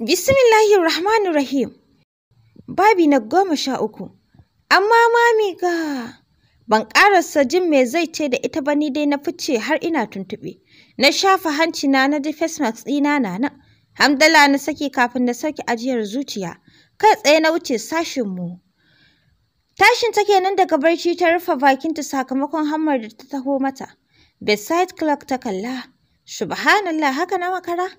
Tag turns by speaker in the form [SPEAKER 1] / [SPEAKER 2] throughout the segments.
[SPEAKER 1] Bismillahir Rahmanir Rahim. Babi na goma sha uku. Amma mami ga ban karasa jin me zai ce da ita ba ni dai na fice har ina tuntuɓe. Na shafa hanci na na ji face mask ɗina na nan. Hamdala na saki kafin na sauke ajiyar zuciya. Kai tsaye na wuce sashin mu. Tashin take nan daga barci ta rufe bakinta sakamakon hammar da ta taho mata. Beside clock ta kalla. Subhanallah haka na makara.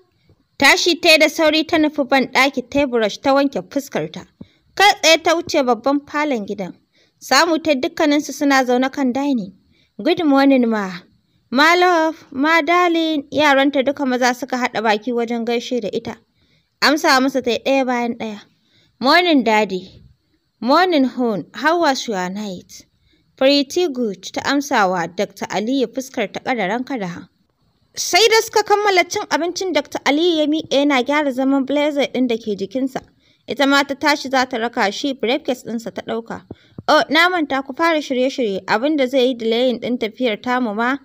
[SPEAKER 1] Tashi ta da sauri ta nufi banɗaki ta brush ta wanke fuskarta. Kai tsaye ta wuce babban falon gidan. Samu ta dukkaninsu suna zaune kan dining. Good morning ma. My love, my darling, yaranta duka maza suka haɗa baki wajen gaishe da ita. Amsa masa ta ɗaya bayan ɗaya. Morning daddy. Morning hon, how was your night? Pretty good ta amsawa Dr. Aliyu fuskar ta ƙadaran kadaha. Sai da suka kammala cin abincin Dr. Aliyu ya miƙe yana gyara zaman blazer ɗin da ke jikinsa. Ita ma ta tashi za ta raka shi briefcase ɗinsa ta ɗauka. Oh, na manta ku fara shirye-shirye abin da zai yi delayin ɗin tafiyar tamu ma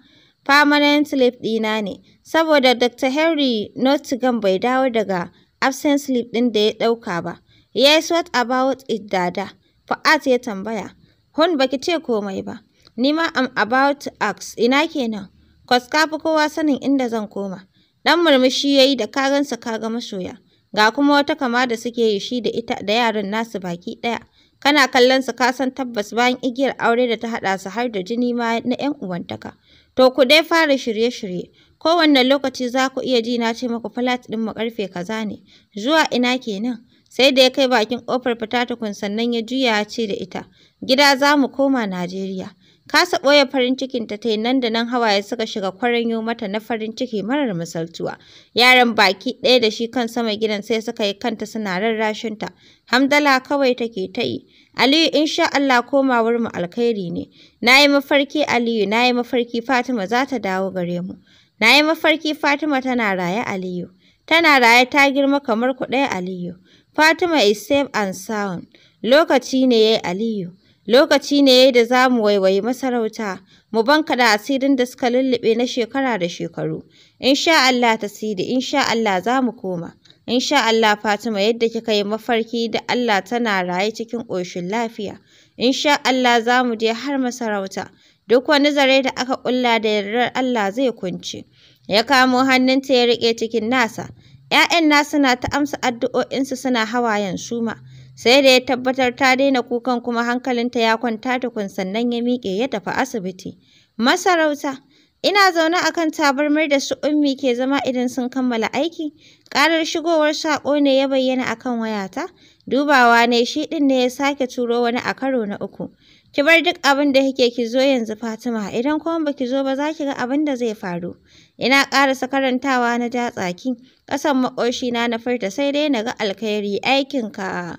[SPEAKER 1] permanent sleep ɗina ne. Saboda Dr. Henry Nottingham bai dawo daga absent sleep ɗin da ya ɗauka ba. Yes, what about it, Dada? Fa'at ya tambaya. Hun baki ce komai ba. Ni ma am about to Ina kenan? Kwas ka fi kowa sanin inda zan koma. dan murmushi yayi da kagansa kaga masoya. Ga kuma wata kama da suke yi shi da ita da yaran nasu baki ɗaya. Kana kallon su kasan tabbas bayan igiyar aure da ta haɗa su har da jini ma na 'yan uwantaka. To ku dai fara shirye-shirye. Kowanne lokaci za ku iya ji na ce muku flat ɗin mu karfe kaza ne. Zuwa ina kenan? Sai da ya kai bakin kofar fita tukun sannan ya juya ya ce da ita. Gida za mu koma Najeriya. Kasa ɓoye farin cikin ta nan da nan hawaye suka shiga kwaranyo mata na farin ciki marar masaltuwa. Yaran baki ɗaya da shi kan sama gidan sai suka yi kanta suna rarrashin ta Hamdala kawai take ta yi. Aliyu insha Allah komawar mu alkhairi ne. Na yi mafarki Aliyu, na yi mafarki Fatima za ta dawo gare mu. Na yi mafarki Fatima tana raye Aliyu. Tana raye ta girma kamar ku Aliyu. Fatima is safe and sound. Lokaci ne ya yi Aliyu. Lokaci ne yayi da za mu waiwayi masarauta, mu banka da asirin da suka lullube na shekara da shekaru. Insha Allah Tasidi, insha Allah za mu koma. Insha Allah Fatima yadda kika yi mafarki da Allah tana raye cikin ƙoshin lafiya. Insha Allah za mu je har masarauta. Duk wani zare da aka ƙulla da yardar Allah zai kunce. Ya kamo hannunta ya riƙe cikin nasa. ‘Ya'yan nasu na ta amsa addu'o'insu suna hawayen suma. sai da ya tabbatar ta daina kukan kuma hankalinta ya kwanta tukun sannan ya miƙe ya tafi asibiti. Masarauta, ina zaune a kan tabarmar da su ummi ke zama idan sun kammala aiki, ƙarar shigowar saƙo ne ya bayyana a kan wayata, dubawa ne shi ɗin ne ya sake turo wani a karo na uku. Ki bar duk abin da kike ki zo yanzu Fatima, idan kuma baki zo ba za ki ga abin da zai faru. Ina ƙarasa karantawa na jatsaki, ƙasan maƙoshi na na furta sai dai na ga alkhairi aikinka.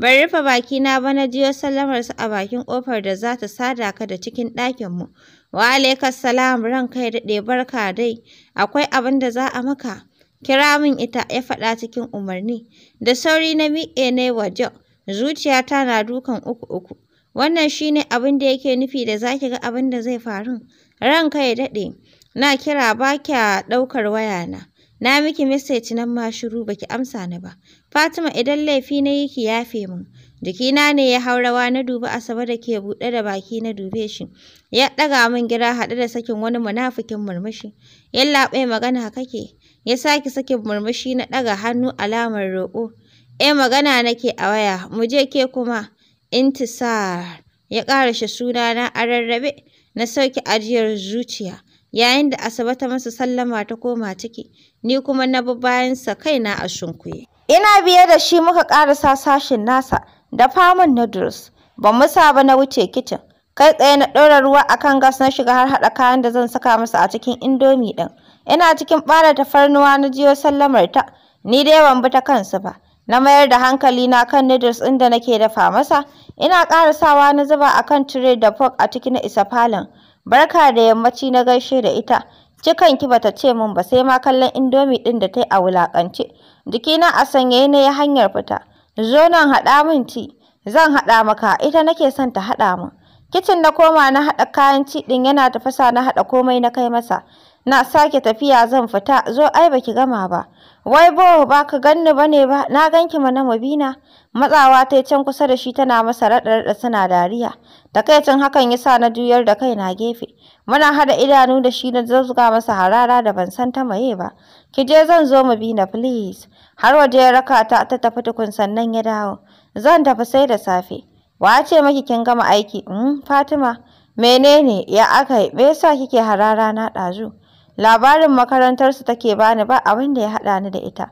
[SPEAKER 1] Ban rufe bakina ba na jiyo sallamar sallamarsu a bakin ƙofar da za ta sada ka da cikin ɗakin ɗakinmu. Wa salam ran kai daɗe barka dai, akwai abin da za a maka. Kira min ita ya faɗa cikin umarni. Da sauri na miƙe na yi waje, zuciyata na dukan uku-uku. Wannan shine ne abin da yake nufi da za ki ga abin da zai faru. Ran kai daɗe, na kira ba kya ɗaukar wayana. Na miki message nan ma shiru baki amsa ni ba. Fatima idan laifi na yi ki yafe min. Jikina ne ya hau rawa na dubi Asabe da ke buɗe da baki na dube shi. Ya ɗaga min gira haɗe da sakin wani munafikin murmushi. Ya laɓe magana kake. Ya sake sakin murmushi na ɗaga hannu alamar roƙo. E magana nake a waya, mu je ke kuma. Intisar. Ya shi suna na ararrabe, Na sauke ajiyar zuciya. Yayin da Asabe ta masa sallama ta koma ciki, ni kuma na bi bayansa kaina a shunkuye. Ina biye da shi muka ƙarasa sashin nasa da faman noodles. Ban musa ba na wuce kicin. Kai tsaye na ɗora ruwa a kan gas na shiga har haɗa kayan da zan saka masa a cikin indomi ɗin. Ina cikin ɓare tafarnuwa na jiyo sallamar ta. Ni dai ban bi ta kansu ba. Na mayar da hankali na kan noodles ɗin da nake dafa masa. Ina ƙarasawa na zuba a kan tire da fork a ciki na isa falon. Barka da yammaci na gaishe da ita. Cikanki bata ce min ba sai ma kallon indomi ɗin da ta yi a wulakance. Jikina a sanye na ya hanyar fita. Zo nan haɗa min ci. Zan haɗa maka, ita nake son ta haɗa min. Kicin na koma na haɗa kayan ci ɗin yana tafasa na haɗa komai na kai masa. na sake tafiya zan fita zo ai baki gama ba wai bo ba ka ganni bane ba na ganki mana mabina matsawa ta can kusa da shi tana masa radar da suna dariya takaicin hakan yasa na juyar da kai na gefe muna hada idanu da shi na zazzuga masa harara da ban san ta maye ba ki je zan zo mabina please har waje ya raka ta ta tafi tukun sannan ya dawo zan tafi sai da safe Wace ce maki kin gama aiki mm, fatima menene ya aka yi me yasa kike harara na ɗazu labarin makarantarsu take bani ba abin da ya haɗa ni da ita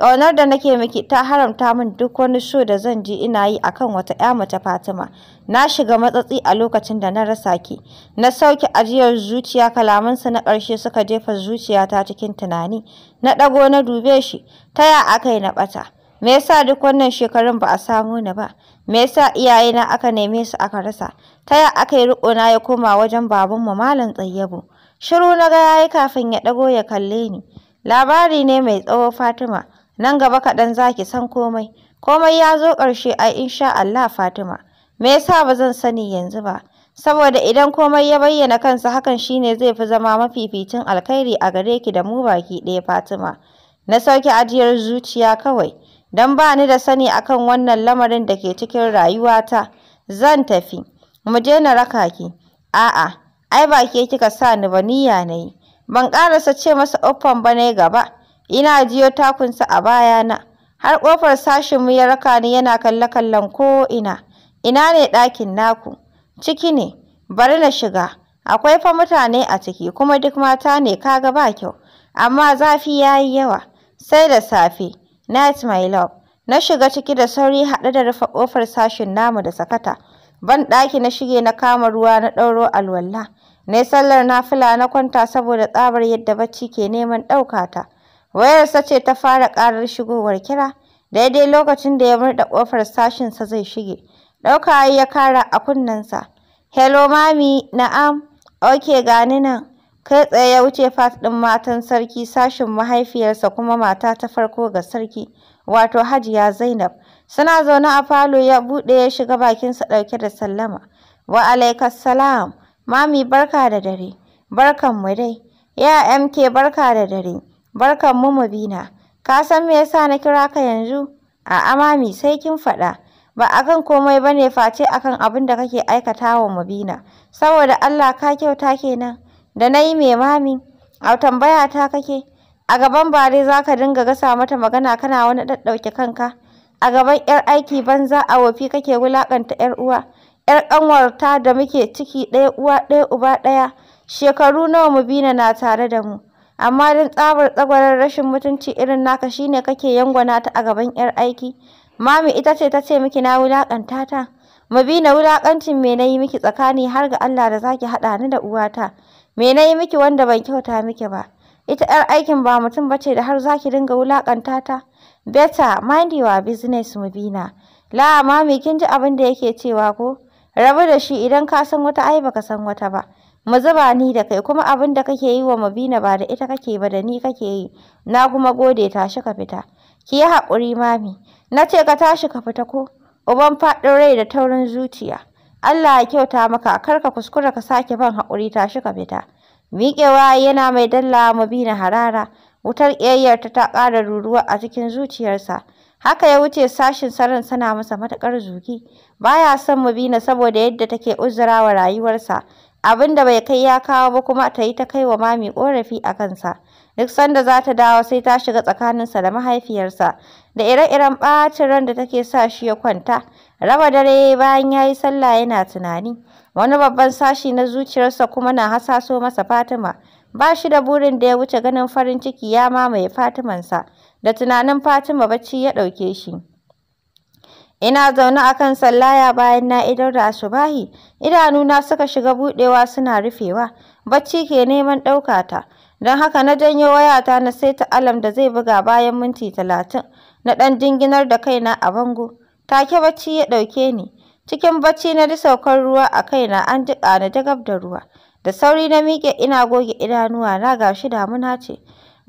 [SPEAKER 1] ƙaunar da nake miki ta haramta min duk wani sho da zan ji ina yi akan wata ƴa mace Fatima na shiga matsatsi a lokacin da na rasa ki na sauke ajiyar zuciya sa na ƙarshe suka jefa zuciyata cikin tunani na ɗago na dube shi taya akai na bata me yasa duk wannan shekarun ba a samu ni ba me yasa iyayena aka neme su aka rasa ta ya aka na riƙona ya koma wajen babanmu malam Tsayyabu Shiru na ga yayi kafin ya ɗago ya kalle ni. Labari ne mai tsawo Fatima, nan gaba kaɗan za ki san komai. Komai ya zo ƙarshe ai insha Allah Fatima. Me yasa ba zan sani yanzu ba? Saboda idan komai ya bayyana kansa hakan shine zai fi zama mafificin alkhairi a gare ki da mu baki ɗaya Fatima. Na sauke ajiyar zuciya kawai, don ba ni da sani akan wannan lamarin da ke cikin rayuwata. Zan tafi, mu je na raka ki. A'a, ai ba ke kika sa ni ba niyya na yi ban ƙarasa ce masa uffan ba na gaba ina jiyo takunsa a baya na. har ƙofar mu ya raka ni yana kalle-kallon ko ina Ina ne ɗakin naku ciki ne bari na shiga akwai fa mutane a ciki kuma duk mata ne kaga ba kyau amma zafi ya yi yawa sai da safe night my love na shiga ciki da sauri haɗe da rufe ƙofar sashin namu da sakata ban ɗaki na shige na kama ruwa na ɗauro alwala Na sallar nafila na kwanta saboda tsabar yadda bacci ke neman ɗauka ta. Wayarsa ce ta fara ƙarar shigowar kira, daidai lokacin da ya murɗa ƙofar sashinsa zai shige. Ɗauka ya kara a kunnensa. Hello mami, na'am, ok gani nan. Kai tsaye ya wuce fat ɗin matan sarki sashin mahaifiyarsa kuma mata ta farko ga sarki, wato Hajiya Zainab. Suna zaune a falo ya buɗe ya shiga bakinsa ɗauke da sallama. Wa alaikassalam. salam. Mami barka da dare. Barkan mu dai. Ya MK barka da dare. Barkan mu, Mubina. Ka san me yasa na kira ka yanzu? A'a Mami sai kin faɗa. Ba kan komai bane face akan abin da kake aikata wa Mubina. Saboda Allah ka kyauta kenan. Da nayi yi me Mami? A tambaya ta kake. A gaban bare za ka dinga gasa mata magana kana wani ɗaɗɗauke kanka. A gaban 'yar aiki banza a wofi kake wulaƙanta 'yar uwa. 'yar ƙanwarta da muke ciki ɗaya uwa ɗaya uba ɗaya shekaru nawa mu Mubina na tare da mu amma don tsabar tsagwaron rashin mutunci irin naka shine kake yangwana ta a gaban 'yar aiki mami ita ce ta ce miki na wulaƙanta ta Mubina wulaƙancin me na yi miki tsakani har ga Allah da zaki haɗa ni da uwata me na yi miki wanda ban kyauta miki ba ita 'yar aikin ba mutum bace da har zaki dinga wulaƙanta ta better mind your business Mubina la mami kin ji abin da yake cewa ko rabu da shi idan ka san wata ai baka san wata ba mu zuba ni da kai kuma abin da kake yi wa Mabina ba da ita kake ba da ni kake yi na kuma gode tashi ka fita ki yi haƙuri mami na ce ka tashi ka fita ko uban faɗin rai da taurin zuciya Allah ya kyauta maka kar ka kuskura ka sake ban haƙuri tashi ka fita miƙewa yana mai dalla Mabina harara wutar ƙiyayyarta ta ƙara ruruwa a cikin zuciyarsa haka ya wuce sashin sarin sana masa matakar zuki baya son mubina saboda yadda take uzura wa rayuwarsa abin da bai kai ya kawo ba kuma ta yi ta kai wa mami korafi a kansa duk sanda za ta dawo sai ta shiga tsakaninsa da mahaifiyarsa da ire-iren ɓacin ran da take sa shi ya kwanta raba dare bayan ya yi sallah yana tunani wani babban sashi na zuciyarsa kuma na hasaso masa fatima Ba shi da burin da ya wuce ganin farin ciki ya mamaye Fatimansa, da tunanin Fatima bacci ya ɗauke shi. Ina zaune a kan sallaya bayan na idar da asubahi, idanuna suka shiga buɗewa suna rufewa, bacci ke neman ɗaukata. Don haka na janyo wayata na saita alam da zai buga bayan minti talatin, na ɗan jinginar da kaina a bango. Take bacci ya ɗauke ni, cikin bacci na ji saukar ruwa a kaina an jiƙa na jagab da ruwa. Da sauri na miƙe ina goge idanuwa na gashi damuna ce.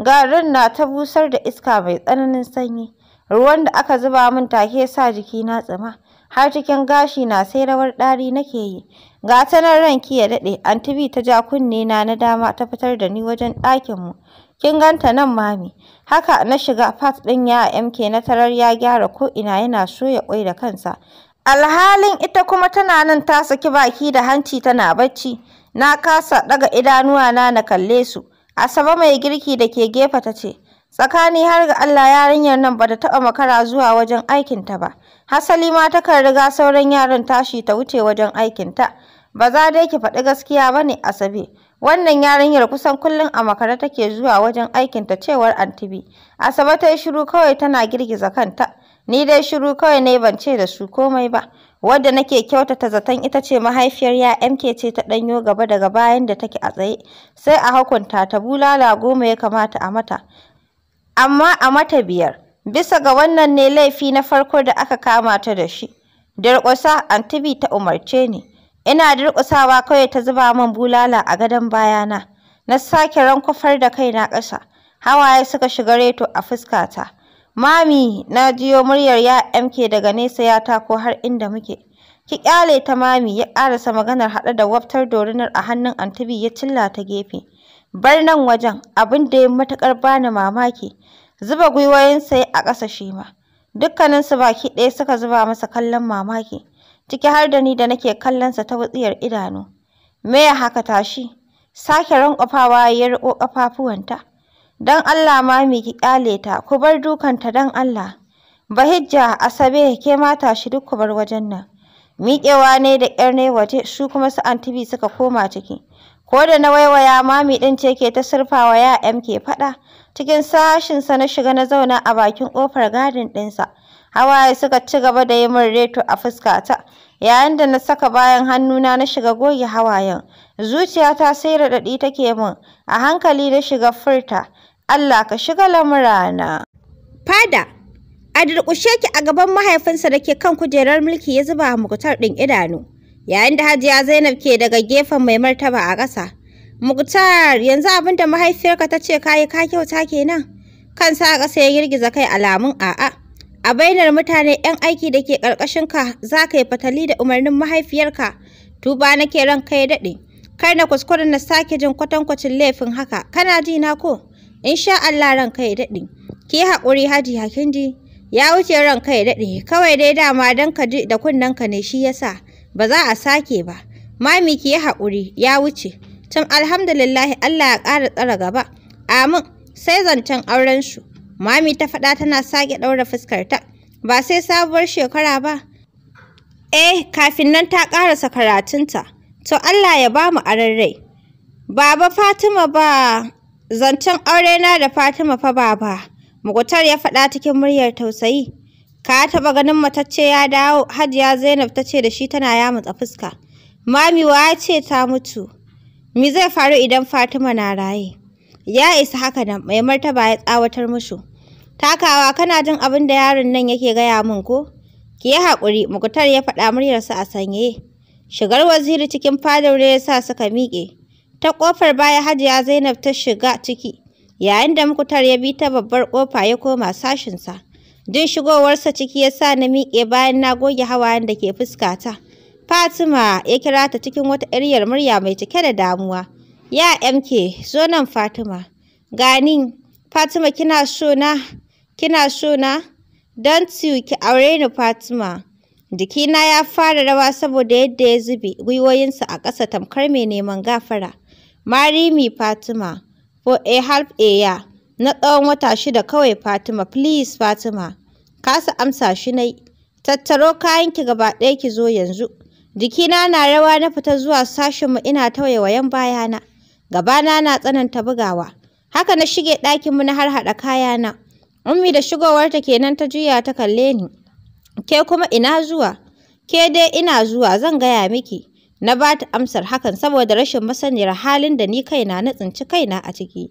[SPEAKER 1] Garin na ta busar da iska mai tsananin sanyi. Ruwan da aka zuba min take sa jiki na tsima. Har cikin gashi na sai rawar ɗari nake yi. Ga ta ranki ya daɗe, Antibi ta ja kunne na na dama ta fitar da ni wajen ɗakin mu. Kin ganta nan mami. Haka na shiga fat ɗin ya amke na tarar ya gyara ina yana soya ƙwai da kansa. Alhalin ita kuma tana nan ta saki baki da hanci tana bacci. na kasa ɗaga idanuwa na na kalle su. Asabe mai girki da ke gefe ta ce, Tsakani har ga Allah yarinyar nan ba ta taɓa makara zuwa wajen aikinta ba. Hasali ma takan riga sauran yaran tashi ta wuce wajen aikinta. Ba za dai ki faɗi gaskiya ba ne Asabe. Wannan yarinyar kusan kullum a makare take zuwa wajen aikinta cewar Antibi. Asabe ta yi shiru kawai tana girgiza kanta. Ni dai shiru kawai ne ban ce da su komai ba. wadda nake kyautata zaton ita ce mahaifiyar ya MK ce ta ɗanyo gaba daga bayan da take a tsaye sai a hukunta ta bulala goma ya kamata a mata amma a mata biyar bisa ga wannan ne laifi na farko da aka kama ta da shi durƙusa antibi ta umarce ni ina durƙusawa kawai ta zuba min bulala a gadon bayana na sake rankwafar da kaina ƙasa hawaye suka shiga reto a fuskata Mami, na jiyo muryar ya MK daga nesa ya tako har inda muke. Ki kyale ta mami ya karasa maganar hada da waftar dorinar a hannun Antibi ya cilla ta gefe. Bar nan wajen abin da ya matakar bani mamaki. Zuba gwiwoyinsa a ƙasa shi ma. Dukkaninsu baki ɗaya suka zuba masa kallon mamaki. Ciki har da ni da nake kallon sa ta wutsiyar idanu. Me ya haka tashi? Sake ranƙofawa ya riƙo ƙafafuwanta. don Allah mami ki kyale ta ku bar dukanta don Allah bahijja asabe ke mata shi duk ku bar wajen nan miƙewa ne da ƙyar ne waje su kuma su antibi suka koma ciki ko da na waiwaya mami ɗin ce ke ta surfawa ya ke faɗa cikin sashinsa na shiga na zauna a bakin ƙofar gadin ɗinsa hawaye suka ci gaba da yi min reto a fuskata yayin da na saka bayan hannuna na shiga goge hawayen zuciyata sai raɗaɗi take min a hankali na shiga furta Allah ka shiga lamurana. Fada, a durƙushe ki a gaban mahaifinsa da ke kan kujerar mulki ya zuba Muktar ɗin idanu, yayin da Hajiya Zainab ke daga gefen mai martaba a ƙasa. Muktar, yanzu abin da mahaifiyarka ta ce kayi ka kyauta kenan. Kan a ƙasa ya girgiza kai alamun a'a. A bainar mutane 'yan aiki da ke ƙarƙashinka za ka yi fatali da umarnin mahaifiyarka. Tuba nake ran kai daɗe. Kar na kuskure na sake jin kwatankwacin laifin haka. Kana ji na ko? sha Allah ranka ya daɗe ki haƙuri Haji hakinji ya wuce ran kai daɗi. kawai dai dama don ka ji da ka ne shi yasa ba za a sake ba mami ki yi haƙuri ya wuce tun alhamdulillahi Allah ya ƙara tsara gaba amin sai zancen auren su mami ta faɗa tana sake ɗaura ta ba sai sabuwar shekara ba eh kafin nan ta ƙarasa karatunta to Allah ya ba mu ararrai rai Baba Fatima ba Zancen aure na da Fatima fa baba, mugutar ya faɗa cikin muryar tausayi. Ka taɓa ganin matacce ya dawo, Hajiya Zainab ta ce da shi tana yamutsa fuska. Mami wa ce ta mutu. Me zai faru idan Fatima na raye? Ya isa haka nan, mai martaba ya tsawatar mushu. Takawa kana jin abin da yaron nan yake gaya min ko? Ki yi haƙuri, mugutar ya faɗa muryarsa a sanye. Shigar waziri cikin fadar ne ya sa suka miƙe. Ta kofar baya Hajiya Zainab ta shiga ciki, yayin da mukutar ya bi ta babbar kofa ya koma sashinsa. Jin shigowarsa ciki ya sa na miƙe bayan na goge hawayen da ke fuskata. Fatima ya kira ta cikin wata iryar murya mai cike da damuwa. Ya MK, zo nan Fatima. Gani, Fatima kina so na, kina so na, don ki aure ni Fatima. Jikina ya fara rawa saboda yadda ya zube, gwiwoyinsa a ƙasa tamkar mai neman gafara. Marry Fatima for a half a na tsawon wata shida kawai Fatima please Fatima. Kasa amsa shi nai. Tattaro kayanki gaba ɗaya ki zo yanzu. Jikina na rawa na fita zuwa sashenmu ina tauye wayan bayana. Gabana na tsananta bugawa. Haka na shige ɗakinmu na har harhaɗa kayana. Ummi da shigowarta kenan ta juya ta kalle ni. Ke kuma ina zuwa? Ke dai ina zuwa zan gaya miki. Na ba ta amsar hakan saboda rashin masaniyar halin da ni kaina na tsinci kaina a ciki.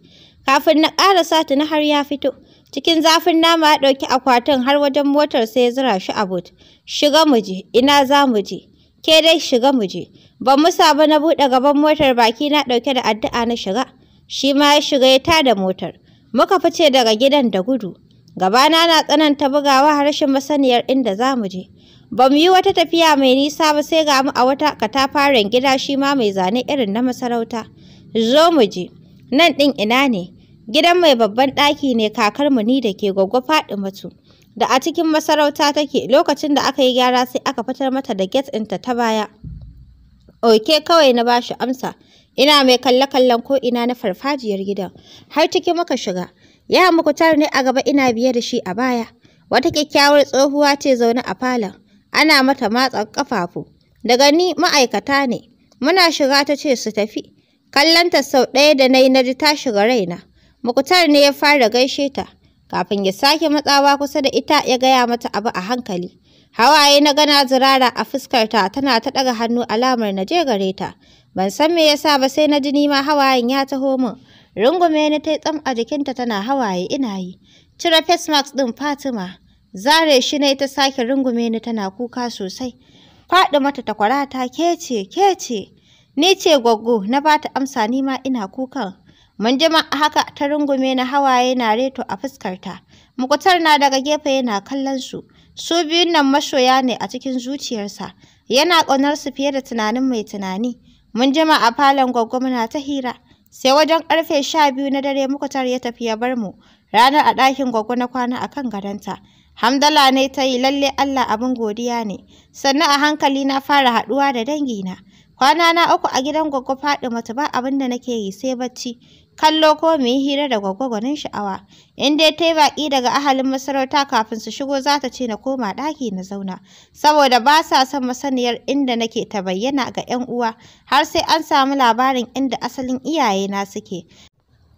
[SPEAKER 1] Kafin na ƙara sati na har ya fito, cikin zafin nama ya ɗauki akwatin har wajen motar sai ya zura shi a but. Shiga mu je, ina za mu je? Ke dai shiga mu je. Ban sa ba na buɗe gaban motar baki na ɗauke da addu'a na shiga. Shi ma ya shiga ya tada motar. Muka fice daga gidan da gudu. Gabana na tsananta bugawa rashin masaniyar inda za mu je. Ba mu yi wata tafiya mai nisa ba sai ga mu a wata katafaren gida shi ma mai zane irin na masarauta. Zo mu je. Nan ɗin ina ne? Gidan mai babban ɗaki ne kakarmu ni da ke gwaggwa mutu. Da a cikin masarauta take lokacin da aka yi gyara sai aka fitar mata da gate ɗinta ta baya. Oke kawai na ba shi amsa. Ina mai kalle-kallen ko ina na farfajiyar gidan. Har ciki muka shiga. Ya mukutar ne a gaba ina biye da shi a baya. Wata kyakkyawar tsohuwa ce zaune a falon. ana mata matsa kafafu. Daga ni ma'aikata ne, muna shiga ta ce su tafi. Kallonta sau ɗaya da na yi na ji ta shiga raina. Mukutar ne ya fara gaishe ta, kafin ya sake matsawa kusa da ita ya gaya mata abu a hankali. Hawaye na gana zirara a fuskarta tana ta ɗaga hannu alamar na je gare ta. Ban san me yasa ba sai na ji ni ma hawayen ya taho min. Rungume ni ta yi tsam a jikinta tana hawaye ina yi. Cire face mask ɗin Fatima. Zare shi ne ta sake rungume ni tana kuka sosai. Faɗi mata takwara ta kece-kece. Ni ce gwaggo na ba ta amsa ni ma ina kukan. Mun jima haka ta rungume na hawaye na reto a fuskarta. Mukutar na daga gefe yana kallon su. Su biyun nan masoya ne a cikin zuciyarsa. Yana ƙaunar su fiye da tunanin mai tunani. Mun jima a falon gwaggo muna ta hira. Sai wajen karfe sha biyu na dare mukutar ya tafi ya bar mu. Ranar a ɗakin gwaggo na kwana a kan gadonta. Hamdala ne ta yi lalle Allah abin godiya ne. Sannan a hankali na fara haɗuwa da dangina. Kwana na uku a gidan gwaggo faɗi mata ba abin da nake yi sai bacci. Kallo ko mu yi hira da gwaggo gwanin sha'awa. In dai ta yi baƙi daga ahalin masarauta kafin su shigo za ta ce na koma ɗaki na zauna. Saboda ba sa son masaniyar inda nake ta bayyana ga 'yan uwa har sai an samu labarin inda asalin iyayena suke.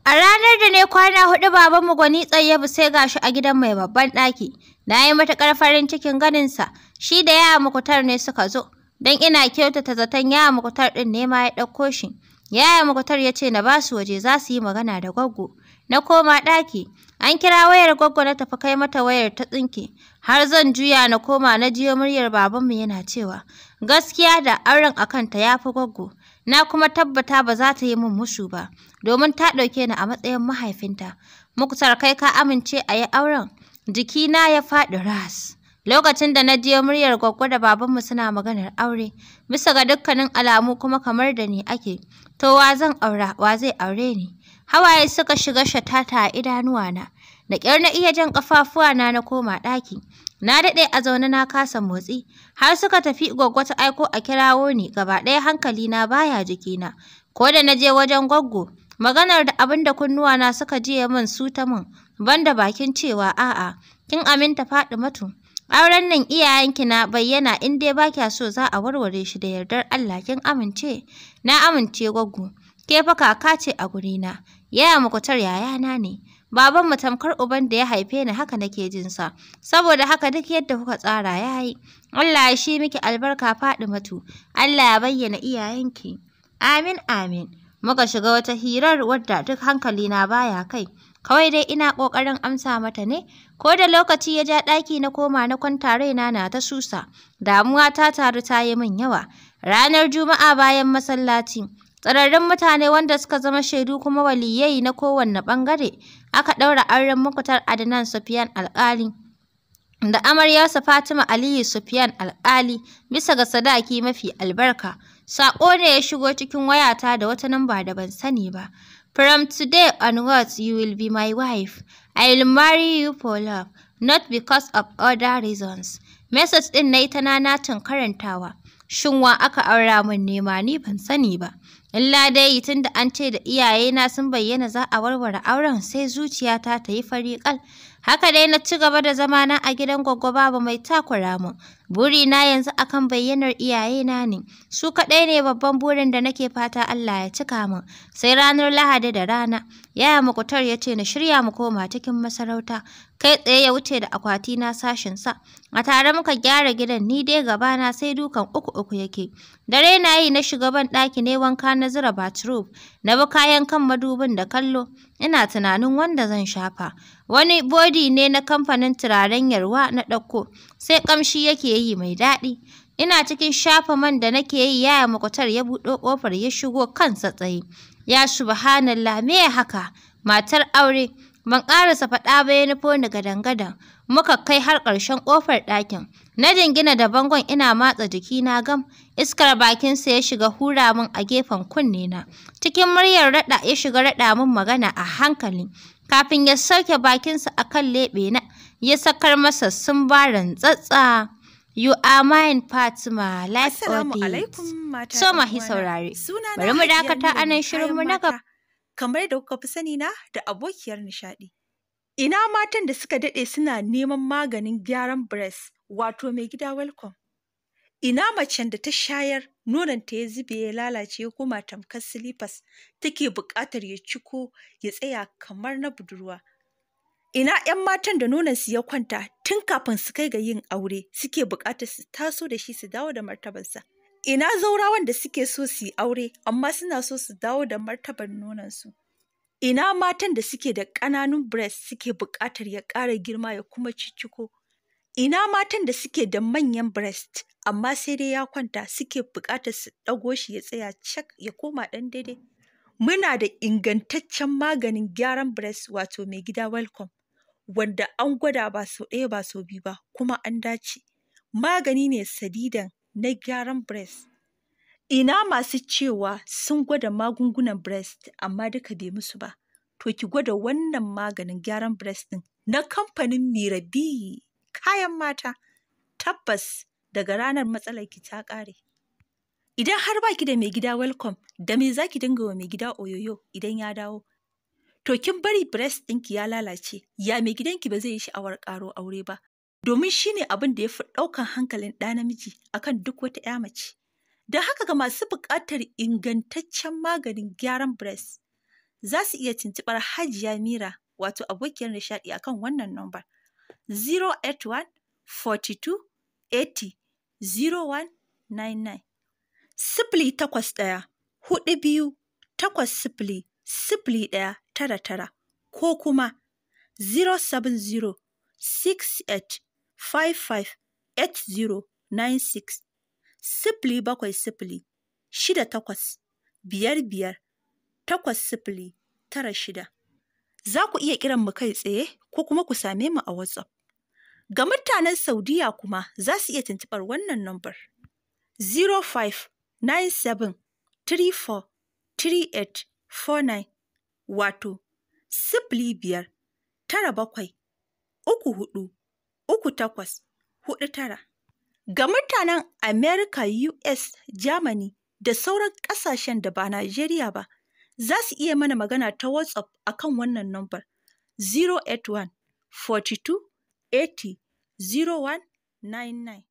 [SPEAKER 1] A ranar da ne kwana huɗu babanmu gwani tsayyabu sai gashi a gidan mai babban ɗaki. Na yi matuƙar farin cikin ganinsa, shi da yaya mukutar ne suka zo, don ina kyautata zaton yaya mukutar ɗin ne ma ya ɗauko shi. Yaya mukutar ya ce na ba su waje za su yi magana da gwaggo. Na koma ɗaki, an kira wayar gwaggo na tafi kai mata wayar ta tsinke. har zan juya na koma na jiyo muryar babanmu yana cewa gaskiya da auren a kanta ya fi gwaggo na kuma tabbata ba za ta yi min mushu ba domin ta ɗauke ni a matsayin mahaifinta muktar kai ka amince a yi auren jikina ya faɗi ras lokacin da na jiyo muryar gwaggo da babanmu suna maganar aure bisa ga dukkanin alamu kuma kamar da ni ake to wa zan aura wa zai aure ni hawaye suka shiga shatata a idanuwana Da ƙyar na iya jan ƙafafuwa na na koma ɗaki. Na daɗe a zaune na kasa motsi, har suka tafi gwaggo ta aiko a kirawo ni gaba ɗaya hankali na baya jikina. Ko da na je wajen gwaggo, maganar da abin da na suka ya min su ta min, banda bakin cewa a'a, kin aminta faɗi mutu. Auren nan iyayenki na bayyana in dai ba kya so za a warware shi da yardar Allah kin amince? Na amince gwaggo. Ke fa kaka ce a gurina, yaya mukutar yayana ne. babanmu tamkar uban da ya haife ni haka nake jin sa saboda haka duk yadda kuka tsara ya yi Allah ya shi miki albarka faɗi matu Allah ya bayyana iyayenki amin amin muka shiga wata hirar wadda duk hankali na baya kai kawai dai ina ƙoƙarin amsa mata ne ko da lokaci ya ja ɗaki na koma na kwanta raina na ta susa damuwa ta taru ta yi min yawa ranar juma'a bayan masallaci tsararrun mutane wanda suka zama shaidu kuma waliyai na kowanne ɓangare aka ɗaura auren mukutar Adnan Sufyan Alƙali da amaryarsa Fatima Aliyu Sufyan Alƙali bisa ga sadaki mafi albarka. Saƙo ne ya shigo cikin wayata da wata namba da ban sani ba. From today onwards you will be my wife. I will marry you for love, not because of other reasons. Message ɗin na yi ta nanatin karantawa. Shin aka aura mun nema ni ban sani ba. Illa tun tunda an ce da iyayena sun bayyana za a warware auren sai zuciyata ta yi fari Haka dai na ci gaba da zamana a gidan gwaggo babu mai takura mu Burina yanzu akan bayyanar iyayena ne, su kaɗai ne babban burin da nake fata Allah ya cika min. Sai ranar Lahadi da rana, yaya makutar ya ce na shirya mu koma cikin masarauta, kai tsaye ya wuce da akwati na sashinsa. A tare muka gyara gidan ni dai gabana sai dukan uku uku yake. Dare na yi na shiga ban ɗaki ne wanka na zura bathrobe, na bi kayan kan madubin da kallo, ina tunanin wanda zan shafa. Wani bodi ne na kamfanin turaren yarwa na ɗauko, sai ƙamshi yake yi mai daɗi. Ina cikin shafa man da nake yi yaya makwatar ya buɗo ƙofar ya shigo kansa tsaye. Ya subhanallah me haka matar aure ban ƙarasa faɗa ba ya nufo ni gadan muka kai har ƙarshen ƙofar ɗakin. Na jingina da bangon ina matsa jiki na gam, iskar bakinsa ya shiga hura min a gefen kunne na. Cikin muryar raɗa ya shiga raɗa min magana a hankali, kafin ya sauke bakinsa a kan na. ya sakar masa sun ba rantsatsa. You are mine Fatima, life Assalamu
[SPEAKER 2] So So mahi saurare. Bari mu dakata anan shirin mu na gaba. Kamar da kuka fi sani na da abokiyar nishaɗi. Ina matan da suka daɗe suna neman maganin gyaran breast wato mai gida welcome. Ina macen da ta shayar nonon ta ya zube ya lalace ya koma tamkar silifas take buƙatar ya ciko ya tsaya kamar na budurwa. Ina 'yan matan da nonansu ya kwanta tun kafin su kai ga yin aure suke buƙatar su taso da shi su dawo da martabarsa. Ina zaurawan da suke so su yi aure amma suna so su dawo da martabar nonansu. Ina matan da suke da ƙananun breast suke buƙatar ya ƙara girma ya kuma cicciko. Ina matan da suke da manyan breast amma sai dai ya kwanta suke buƙatar su ɗago shi ya tsaya cak ya koma ɗan daidai. Muna da ingantaccen maganin gyaran breast wato mai gida welcome. wanda an gwada ba sau ɗaya ba sau biyu ba kuma an dace magani ne sadidan na gyaran breast ina masu cewa sun gwada magungunan breast amma duka bai musu ba to ki gwada wannan maganin gyaran breast din na kamfanin mirabi kayan mata tabbas daga ranar matsalar ki ta ƙare idan har baki da mai gida welcome da me zaki dinga wa mai gida oyoyo idan ya dawo to kin bari breast ɗinki ya lalace, ya mai gidanki ba zai yi sha'awar ƙaro aure ba, domin shi ne abin da ya fi ɗaukan hankalin ɗa namiji akan duk wata ‘ya mace. Don haka ga masu buƙatar ingantaccen maganin gyaran breast, za su iya tuntuɓar Hajiya Mira wato abokiyar nishaɗi akan wannan nomba 081 42 80 0199 sifili takwas ɗaya hudu biyu takwas sifili sifili ɗaya tara tara ko kuma nine-six. sifili bakwai sifili shida takwas biyar biyar takwas sifili tara shida. Za ku iya kiran mu kai tsaye ko kuma ku same mu a WhatsApp. Ga mutanen Saudiya kuma za su iya tuntuɓar wannan nambar 0597 34 38 49 wato sifili biyar tara bakwai uku hudu uku takwas hudu tara. Ga mutanen Amerika, US, Germany da sauran ƙasashen da ba Najeriya ba, za su iya mana magana ta WhatsApp akan kan wannan nambar 081 42 80 0199.